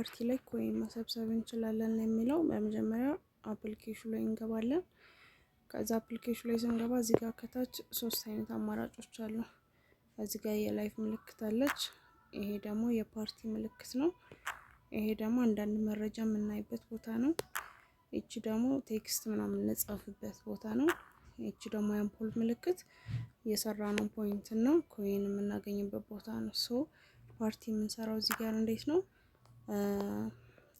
ፓርቲ ላይ ኮይን መሰብሰብ እንችላለን የሚለው በመጀመሪያ አፕሊኬሽን ላይ እንገባለን። ከዛ አፕሊኬሽን ላይ ስንገባ እዚህ ጋር ከታች ሶስት አይነት አማራጮች አሉ። እዚህ ጋር የላይፍ ምልክት አለች። ይሄ ደግሞ የፓርቲ ምልክት ነው። ይሄ ደግሞ አንዳንድ መረጃ የምናይበት ቦታ ነው። ይቺ ደግሞ ቴክስት ምናምን የምንጽፍበት ቦታ ነው። ይቺ ደግሞ የአምፖል ምልክት የሰራነው ፖይንት ነው። ኮይን የምናገኝበት ቦታ ነው። ሶ ፓርቲ የምንሰራው እዚህ ጋር እንዴት ነው?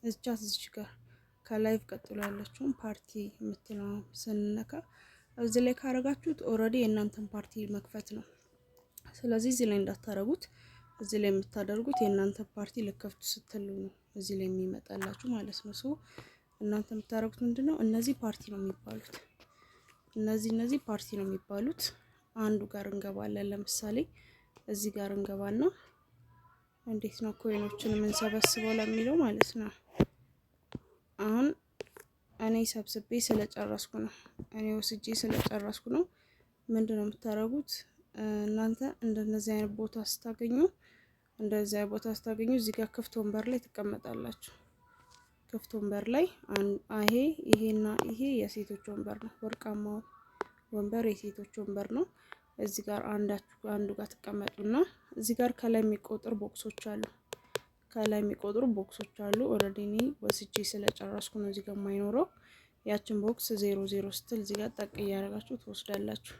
እዛት እዚች ጋር ከላይቭ ቀጥሎ ያለችውን ፓርቲ የምትለው ስንነካ እዚህ ላይ ካረጋችሁት ኦልሬዲ የእናንተን ፓርቲ መክፈት ነው። ስለዚህ እዚህ ላይ እንዳታረጉት። እዚህ ላይ የምታደርጉት የእናንተን ፓርቲ ልከፍቱ ስትሉ ነው እዚህ ላይ የሚመጣላችሁ ማለት ነው። ሰው እናንተ የምታደርጉት ምንድን ነው? እነዚህ ፓርቲ ነው የሚባሉት። እነዚህ እነዚህ ፓርቲ ነው የሚባሉት። አንዱ ጋር እንገባለን። ለምሳሌ እዚህ ጋር እንገባና እንዴት ነው ኮይኖችን የምንሰበስበው ለሚለው ማለት ነው። አሁን እኔ ሰብስቤ ስለጨረስኩ ነው እኔ ወስጄ ስለጨረስኩ ነው። ምንድን ነው የምታደርጉት እናንተ እንደነዚህ አይነት ቦታ ስታገኙ እንደዚህ አይነት ቦታ ስታገኙ እዚህ ጋር ክፍት ወንበር ላይ ትቀመጣላችሁ። ክፍት ወንበር ላይ ይሄ ይሄና ይሄ የሴቶች ወንበር ነው። ወርቃማው ወንበር የሴቶች ወንበር ነው። እዚህ ጋር አንዳችሁ አንዱ ጋር ትቀመጡና እዚህ ጋር ከላይ የሚቆጥር ቦክሶች አሉ። ከላይ የሚቆጥሩ ቦክሶች አሉ። ኦልሬዲ እኔ ወስጄ ስለጨረስኩ ነው እዚህ ጋር የማይኖረው። ያችን ቦክስ ዜሮ ዜሮ ስትል እዚህ ጋር ጠቅ እያደረጋችሁ ትወስዳላችሁ።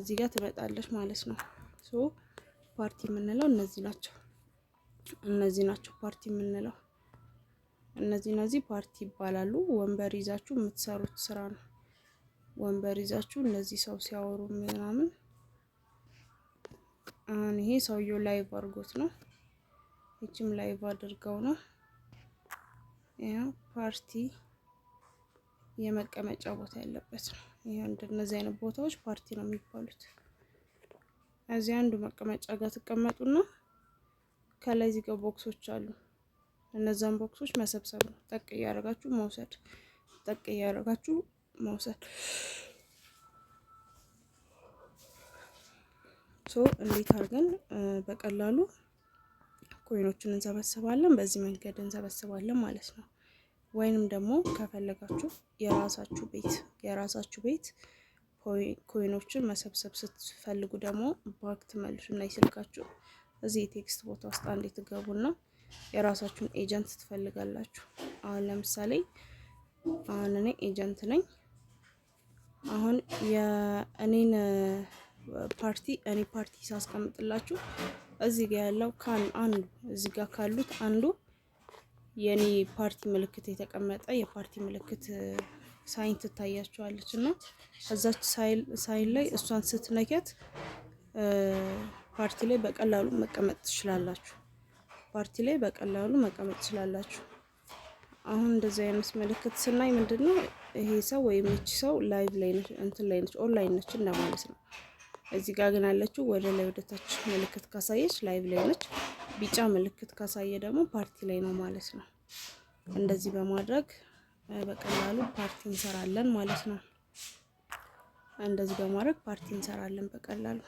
እዚህ ጋር ትመጣለች ማለት ነው። ሶ ፓርቲ የምንለው እነዚህ ናቸው። እነዚህ ናቸው ፓርቲ የምንለው እነዚህ እነዚህ ፓርቲ ይባላሉ። ወንበር ይዛችሁ የምትሰሩት ስራ ነው። ወንበር ይዛችሁ እነዚህ ሰው ሲያወሩ ምናምን አሁን ይሄ ሰውየው ላይቭ አድርጎት ነው። ይችም ላይቭ አድርገው ነው። ያው ፓርቲ የመቀመጫ ቦታ ያለበት ነው። ይሄ እንደነዚህ አይነት ቦታዎች ፓርቲ ነው የሚባሉት። እዚህ አንዱ መቀመጫ ጋር ተቀመጡ ከላይ እዚህ ጋር ቦክሶች አሉ። እነዛን ቦክሶች መሰብሰብ ነው። ጠቅ እያደረጋችሁ መውሰድ፣ ጠቅ እያደረጋችሁ መውሰድ ሶ እንዴት አድርገን በቀላሉ ኮይኖችን እንሰበስባለን። በዚህ መንገድ እንሰበስባለን ማለት ነው። ወይንም ደግሞ ከፈለጋችሁ የራሳችሁ ቤት የራሳችሁ ቤት ኮይኖችን መሰብሰብ ስትፈልጉ ደግሞ ባክ ትመልሱና ይስልካችሁ እዚህ የቴክስት ቦታ ውስጥ አንዴ ትገቡና የራሳችሁን ኤጀንት ትፈልጋላችሁ። አሁን ለምሳሌ አሁን እኔ ኤጀንት ነኝ። አሁን የእኔን ፓርቲ እኔ ፓርቲ ሳስቀምጥላችሁ እዚህ ጋር ያለው ካን አንዱ እዚህ ጋር ካሉት አንዱ የኔ ፓርቲ ምልክት የተቀመጠ የፓርቲ ምልክት ሳይን ትታያችኋለች እና እዛች ሳይን ላይ እሷን ስትነኪያት ፓርቲ ላይ በቀላሉ መቀመጥ ትችላላችሁ። ፓርቲ ላይ በቀላሉ መቀመጥ ትችላላችሁ። አሁን እንደዚህ አይነት ምልክት ስናይ ምንድን ነው ይሄ ሰው ወይም ይቺ ሰው ላይቭ ላይ ነች፣ እንትን ላይ ነች፣ ኦንላይን ነች እንደማለት ነው። እዚህ ጋር ግን አለችው ወደ ላይ ታች ምልክት ካሳየች ላይቭ ላይ ነች። ቢጫ ምልክት ካሳየ ደግሞ ፓርቲ ላይ ነው ማለት ነው። እንደዚህ በማድረግ በቀላሉ ፓርቲ እንሰራለን ማለት ነው። እንደዚህ በማድረግ ፓርቲ እንሰራለን በቀላሉ